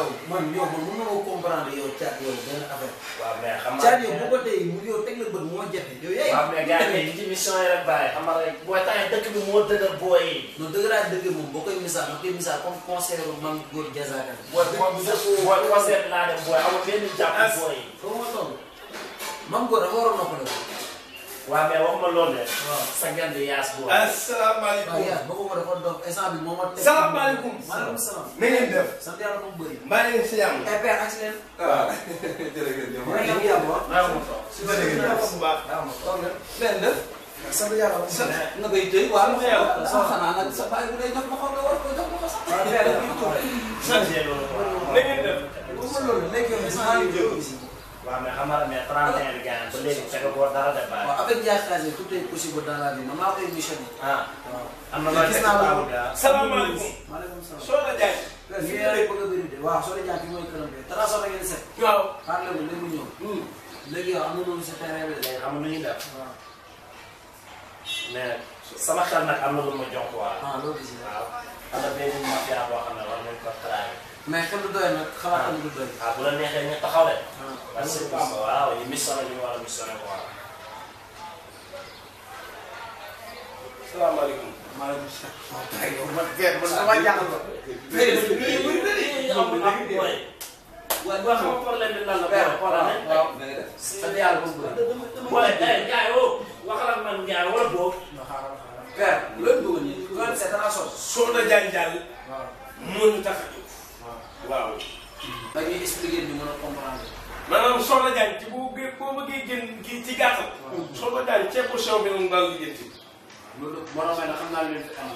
yow man yow man mënuloo comprendre yow caat yow benn affaire. waaw mais xam nga caat yow bu ko tey mu yow teg la bët moo jafe. yow yaay waaw mais gars yi ci mission yi rek bàyyi xam nga rek booy tax dëkk bi moo dëgër booy yi. non dëgëraay dëgg moom boo koy misaal boo koy misaal comme concert man góor jazaaka. booy concert laa dem booy amul benn jàpp booy yi. foo ma toll man góor dafa waroon noppale ko. waaw mais wax ma loolu de. waaw sa gan bi yaas bu waaw. asalaamaaleykum waaw yaas boo ko dafa doon instant bi moo ma. salaamaaleykum. maaleykum salaam. na ngeen def. sant yàlla moom bëri. mbaa ngeen si jàmm. Eh, père ak si leen. waaw ah, jërëjëf. ma nekk yàlla bu baax. maa ngi ko toog ma nekk yàlla bu baax. maa ngi ko toog leen def. sant yàlla bu baax. na koy tëj waaw lu xew. Ah. sama xanaa nag sa bàyyi bu lay jox ma ko nga war ko jox ma ko sax. waaw père ak yow. sant yàlla bu baax. na ngeen def. waaw mais xam nga mais 31 ah. bi gaañ ba léegi fekk boo dara def baax. waaw avec Ndiaye Kharagne tout est ah. naa la salaamaaleykum. salaam Soxna Ndiaye. ñu ngi lay bëgg a bëri de waaw Soxna Ndiaye fii mooy këram de dara soxna ngeen hmm. bi léegi am nag am na ma jox quoi. ah loolu ne war ko traiter. mais xel du doy nag xalaatam du doy. Ah, ah bu la neexee ñu taxaw de. parce que waaw ñu missionné ñu war a missionné ko waaw. salaamaaleykum. maaleykum salaam. man kay man damaa jaaxal ko. waaw problème bi lan la. waaw sant yàlla bu bëri. wala jaay eh, woo. Oh, waxal ak man jaay wala boobu. père loolu bëgg nañu. kon c'est la chose. soo la jaay jàll. waaw moo ñu tax ceeb bu sew bi moom daal liggéenti loolu morom ne xam naa leen fi am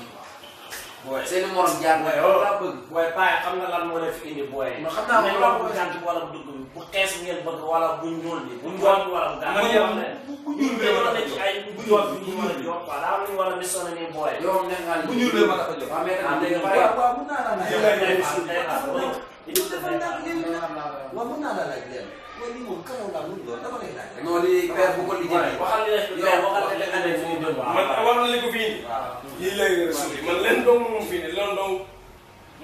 booy seen morom jaar na oh. laa bëgg booy paay xam nga lan moo leen fi indi booy ma xam naa moom laa bëgg sant wala bu dugg bu xees ngeen bëgg wala bu ñuul bi bu ñuul bi wala bu ñuul bi wala ci ay bu ñuul bi ñu war a jox quoi daa am ñu war a missionné ni booy yow ne nga bu ñuul bi ma la ko jox amé na dé bari waaw mën naa la laaj yow mën naa la laaj leen waaw mën naa la laaj leen waaye lii moom karaw laa mën lii père bu ko lijjanti. waxal li nga waxal li nga man wax na li ko fii nii. lii lay rasuuli man leen doomu moom fii nii leen doomu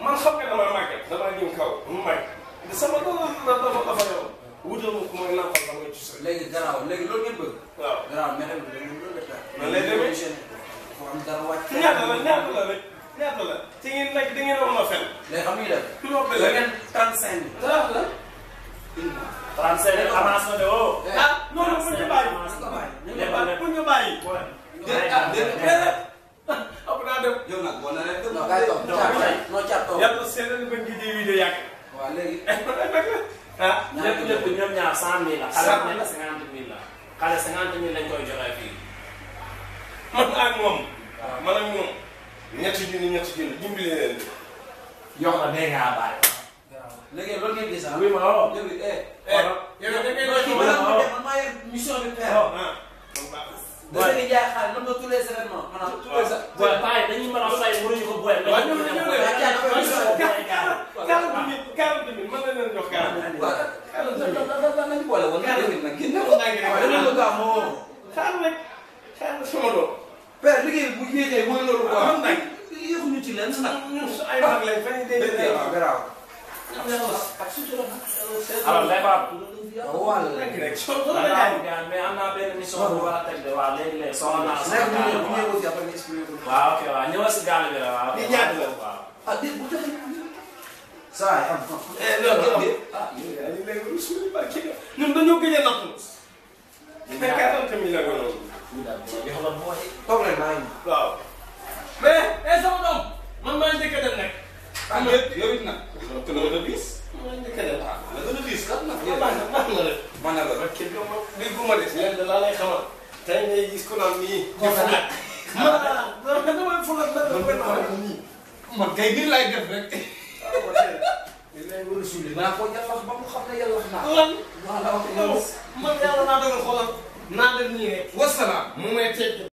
man xam nga damaa màgg damaa jëm kaw mu màgg te sama dafa dafa dafa yow wutal ma ko mooy naan xam damay ci sori. léegi garaaw léegi loolu ngeen bëgg. waaw garaaw mais tamit dañu loolu la tax. man lay demee foo am dara wàcc. ñaata la ñaata la rek ñaata la. ci ngeen nag da ngeen a mën a fen. léegi xam nga def. kilo bële la ngeen 35 la. français rek avance na de woo. ah non non pour ñu bàyyi. pour ñu bàyyi. am naa dem. yow nag boo naree dëgg. non kay toog non caa toog. yàlla seetlu nañu di di vidéo yàgg. waaw léegi. ah lépp lépp ñoom ñaar cent mille la. cent mille la cinquante mille la. xale cinquante mille lañ koy joxe fii. man ak moom. waaw man ak moom. ñetti junni ñetti junni dimbali leen. yox la dee ngaa bàyyi. léegi loolu ngeen di sax. oui ma woo. léegi eh. eh yow oh. ah. da ngay doon man maa yor mission bi père. waaw ni jaay xaalis ñoom tous les événements. maanaam tous les événements. waaye dañuy mën a fay mënuñu ko booyal. waaw ñoom ñoo koy wax jaay ko mission bi. quarante mille quarante mille mën na leen jox quarante mille. waaw quarante mille lan lañu boole woon. quarante mille nag génne ko. waaw dinañ ko gaaw moo woo. xaar rek xaar sama doom. père liggéey bu yéexee mooy loolu quoi. waaw ah, xam nañ yéexuñu ci leen. ndax ñun ay mag lañ fa ñu dégg. waaw garaaw alors les femmes. mais am naa benn mission bu war a teg de waaw léegi léegi soxla naa. waaw ok waaw ñëwal si gaal bi la waaw. di ñaata la waaw. ah dégg nga saa yi am. ñun dañoo gëj a natt. ñu naan 40 mille la ko noonu. toog nañ maa ngi. waaw. mais eh sama doom man maa njëkk a dem nag. Ah, yow it nag. te la gën a diis. mooy njëkk a dem ah la gën a diis kat nag. yéen a baax na rek. ma ne la rek kenn ku ma dégg ma de. yéen da laa lay xamal. tey ngay gis ku naan nii. def nag ma man damay fulal nag. man man man nii. man kay nii laay def rek. waaw man kay li lay war a suuli. naa ko yàllax ba mu xam ne yàllax naa. lan waaw man yàlla naa dogal xoolal. naa dem nii rek. wasalaam mu may teg.